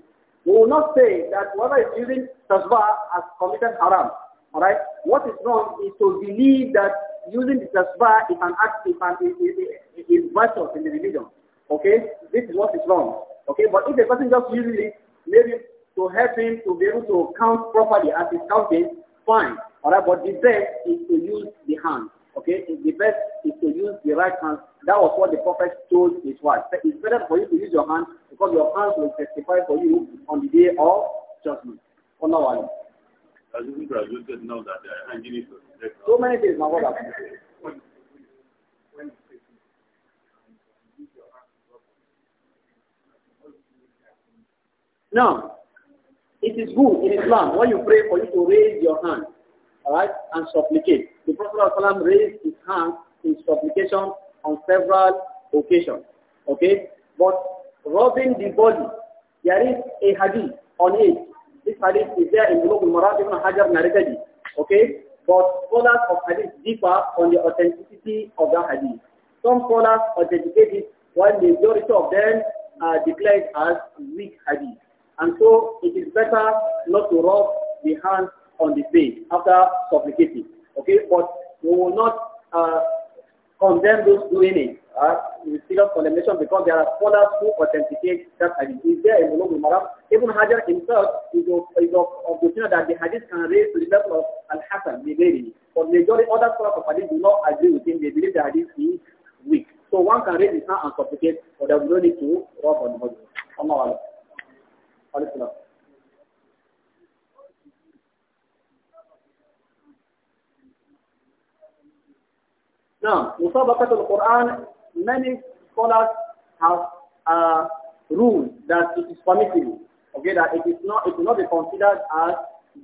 we will not say that whoever is using tasbah has committed haram. Alright? What is wrong is to believe that using the tasbah is an act, is, an, is, virtuous in the religion. Okay? This is what is wrong. Okay? But if the person just uses it, maybe to help him to be able to count properly as he's counting, fine. Alright? But the best is to use the hand. Okay, the best is to use the right hand. That was what the prophet told his wife. It's better for you to use your hand because your hands will testify for you on the day of judgment. Allah As we graduated now that uh, So many things, my brother. Now, it is good in Islam when you pray for you to raise your hand. Alright? And supplicate. The Prophet raised his hand in supplication on several occasions. Okay? But rubbing the body, there is a hadith on it. This hadith is there in the book Marad ibn Hajar narrated it. Okay? But scholars of hadith differ on the authenticity of that hadith. Some scholars authenticate it while the majority of them are declared as weak hadith. And so it is better not to rub the hands on the day after supplicating. Okay, but we will not uh, condemn those doing it. Uh, we still have condemnation because there are scholars who authenticate that hadith. Is there a Muluk Maram? Hajar himself is of, is of, of the opinion that the hadith can raise to the level of Al-Hassan, the lady. But majority other scholars of hadith do not agree with him. They believe the hadith is weak. So one can raise it now and supplicate, but there will no need to rub on the Allah Allah. Now, Musabaqat al-Quran, many scholars have uh, ruled that it is permissible. Okay, that it is not, it will not be considered as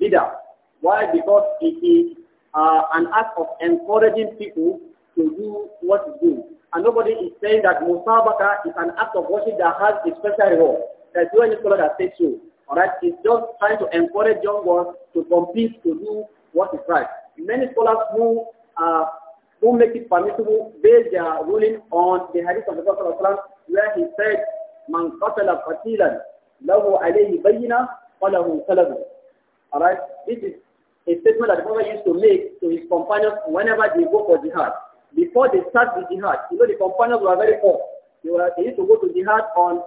bidah. Why? Because it is uh, an act of encouraging people to do what is good. And nobody is saying that Musabaka is an act of worship that has a special reward. There's no any scholar that says so. Alright, it's just trying to encourage young ones to compete to do what is right. Many scholars who uh, who make it permissible based their ruling on the hadith of the Prophet where he said, Man qatala qatilan lahu alayhi bayina falahu salabu. Alright, this is a statement that the Prophet used to make to his companions whenever they go for jihad. Before they start the jihad, you know the companions were very poor. They, were, they used to go to jihad on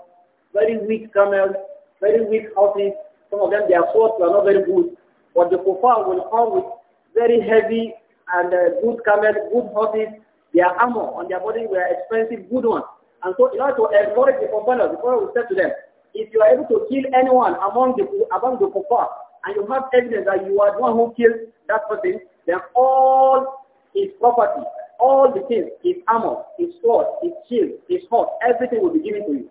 very weak camels, very weak horses. Some of them, their swords were not very good. But the Prophet will come with very heavy and uh, good camels, good horses, their armor on their body were expensive, good ones. And so in order to encourage the companions, before we said to them, if you are able to kill anyone among the among the kuffar, and you have evidence that you are the one who killed that person, then all his property, all the things, his armor, his sword, his shield, his horse, everything will be given to you.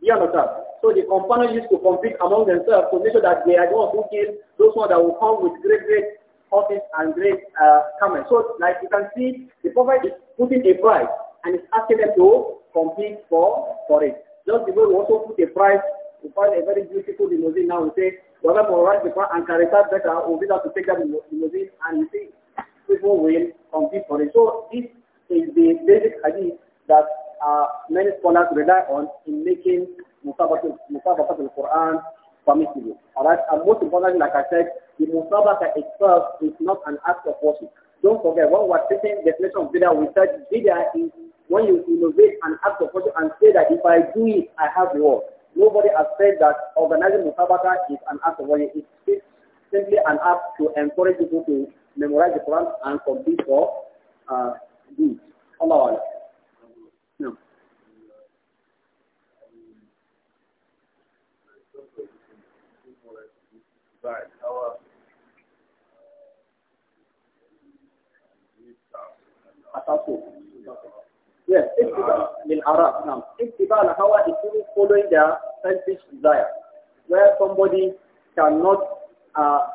You understand? So the companions used to compete among themselves to make sure that they are the ones who kill those ones that will come with great, great office and great uh, So like you can see, the prophet is putting a price and is asking them to compete for, for it. Just because we also put a price, we find a very beautiful limousine now, we say, whatever for right before and Caritas better, we'll be able to take that limousine and see people will compete for it. So this is the basic idea that uh, many scholars rely on in making Musabakatul Quran permissible. Alright, and most importantly, like I said, the musabaka itself is not an act of worship. Don't forget, when we're taking definition of bidah, we said bidah is when you innovate an act of worship and say that if I do it, I have reward. Nobody has said that organizing musabaka is an act of worship. It's simply an act to encourage people to memorize the Quran and complete for uh, good. Allah Allah. back. How uh, Yes, in arab. Now, ittibal hawa is really following their selfish desire, where somebody cannot uh,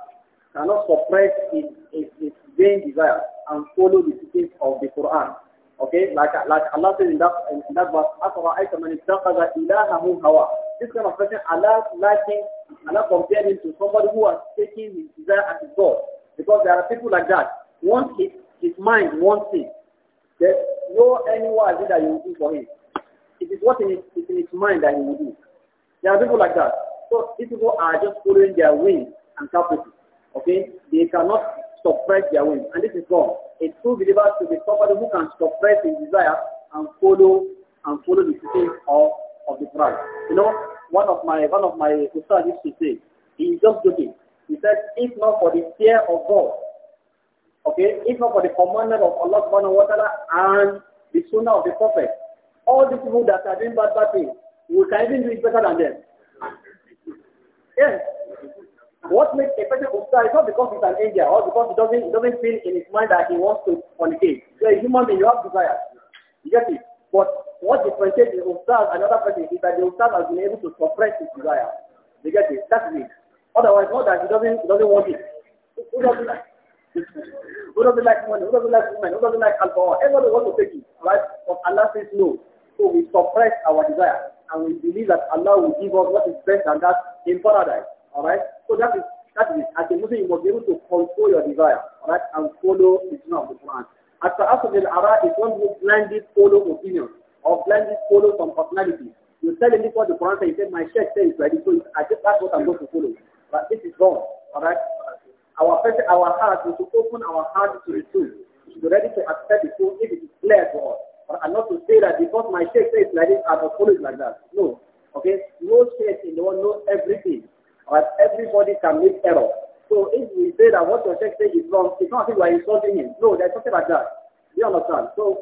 cannot suppress his, his, his vain desire and follow the teachings of the Quran. Okay, like like Allah says in that in that verse, أَفَرَأَيْتَ مَنِ اتَّخَذَ إِلَهَهُ هَوَى this kind of person, allow liking, allow comparing to somebody who was taking his desire as his God. Because there are people like that. Once his, his mind wants it, there's no any wise that you will do for him. It is what in his, it's in his mind that he will do. There are people like that. So these people are just following their whims and caprices. Okay? They cannot suppress their whims. And this is wrong. A true believer to be somebody who can suppress his desire and follow and follow the teaching of of the price. You know, one of my one of my ustad used to say, he just joking. He said, if not for the fear of God, okay, if not for the commandment of Allah subhanahu wa ta'ala and the sunnah of the Prophet, all these people that are doing bad bad things, we can even do it better than them. Yes. What makes a person upset is not because he's an angel or because he doesn't, he doesn't feel in his mind that he wants to fornicate. You're a human being, you have desires. You get it? But what differentiates the Ustaz and other person is that the Ustaz has been able to suppress his desire. You get it? That's it. Otherwise, not that he doesn't, he doesn't want it. Who doesn't like? who doesn't like money? Who doesn't like women? Who doesn't like alcohol? Everybody wants to take it, right? But Allah says no. So we suppress our desire and we believe that Allah will give us what is best and that in paradise. Alright? So that is that is as a Muslim you must be able to control your desire, alright, and follow Islam the Quran. As for Asad al Ara is one who blindly follow opinions or blindly follow some personality. You tell him this what the Quran says, he said, my shirt says it's ready, so I just that's what I'm going to follow. But this is wrong, alright? Our first, our heart, we should open our heart to the truth. We should be ready to accept the truth if it is clear to us. But I'm not to say that because my sheikh says like this, I am going to follow it like that. No. Okay? No sheikh in the world knows everything. But everybody can make error. So if we say that what your sheikh says is wrong, it's not like we are insulting him. No, there's something like that. You understand? So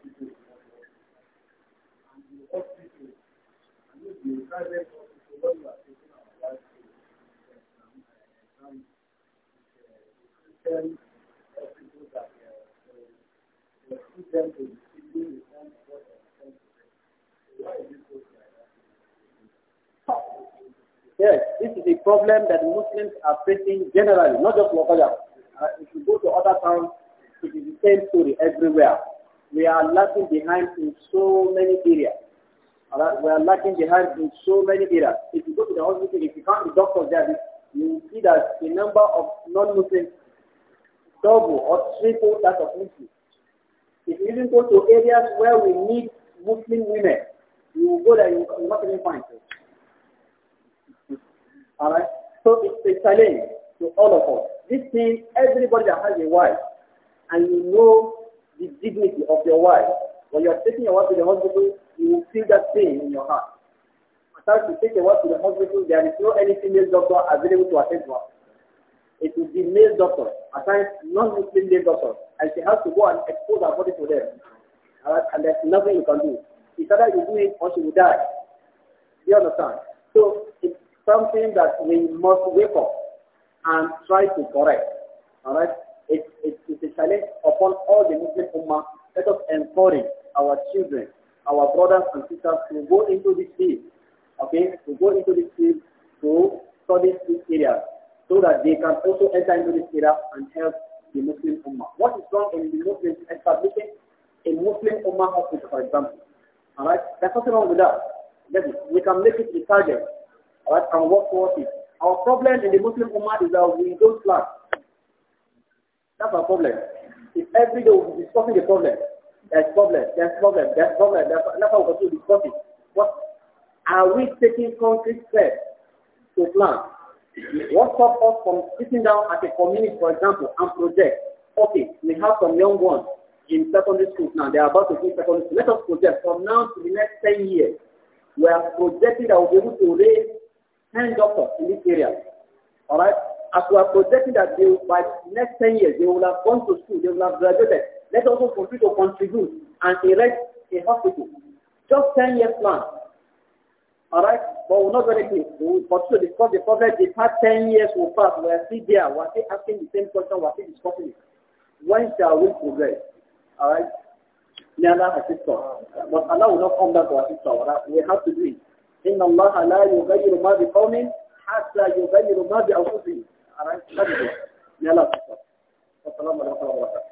Yes, this is a problem that Muslims are facing generally, not just Lokoja. Uh, if you go to other towns, it is the same story everywhere. We are lagging behind in so many areas. We are lacking behind in so many areas. If you go to the hospital, if you can't be doctors there, you will see that the number of non-Muslims double or triple that of Muslims. If you even go to areas where we need Muslim women, you will go there, you will not even find them. Alright? So it's a challenge to all of us. This means everybody that has a wife, and you know the dignity of your wife, when you are taking your wife to the hospital, you will feel that pain in your heart. Without you take a wife to the hospital, there is no any female doctor available to attend to her. It will be male doctor, at times non-Muslim male doctor, and she has to go and expose her body to them. Right? And there's nothing you can do. It's either you do it or she will die. You understand? So it's something that we must wake up and try to correct. All right? It, it, it's a challenge upon all the Muslim Ummah. Let us encourage our children our brothers and sisters to go into this field, okay, to go into this field to study this area so that they can also enter into this area and help the Muslim Ummah. What is wrong in the Muslims establishing a Muslim Ummah hospital, for example? Alright, there's nothing wrong with that. we can make it a target, alright, and work towards it. Our problem in the Muslim Ummah is that we don't plan. That's our problem. If every day we're discussing the problem, there's problem, there's problem, there's problem. There's, that's how we continue discussing. What are we taking concrete steps to plan? What stops us from sitting down at a community, for example, and project? Okay, we have some young ones in secondary schools now. They are about to finish secondary school. Let us project from now to the next 10 years. We are projecting that we'll be able to raise 10 doctors in this area. All right? As we are projecting that they, by next 10 years, they will have gone to school, they will have graduated, Let's also continue to contribute and erect a hospital. Just 10 years plan. Alright? But we're not going to We will continue to discuss the problem. The past 10 years will pass. We are still there. We are still asking the same question. We are still discussing it. When shall we progress? Alright? May Allah assist us. But Allah will not come back to assist us. Right? We have to do it. إن الله لا يغير ما بقوم حتى يغير ما بأنفسهم. Alright? That is it. May Allah assist us. والسلام عليكم ورحمة الله وبركاته.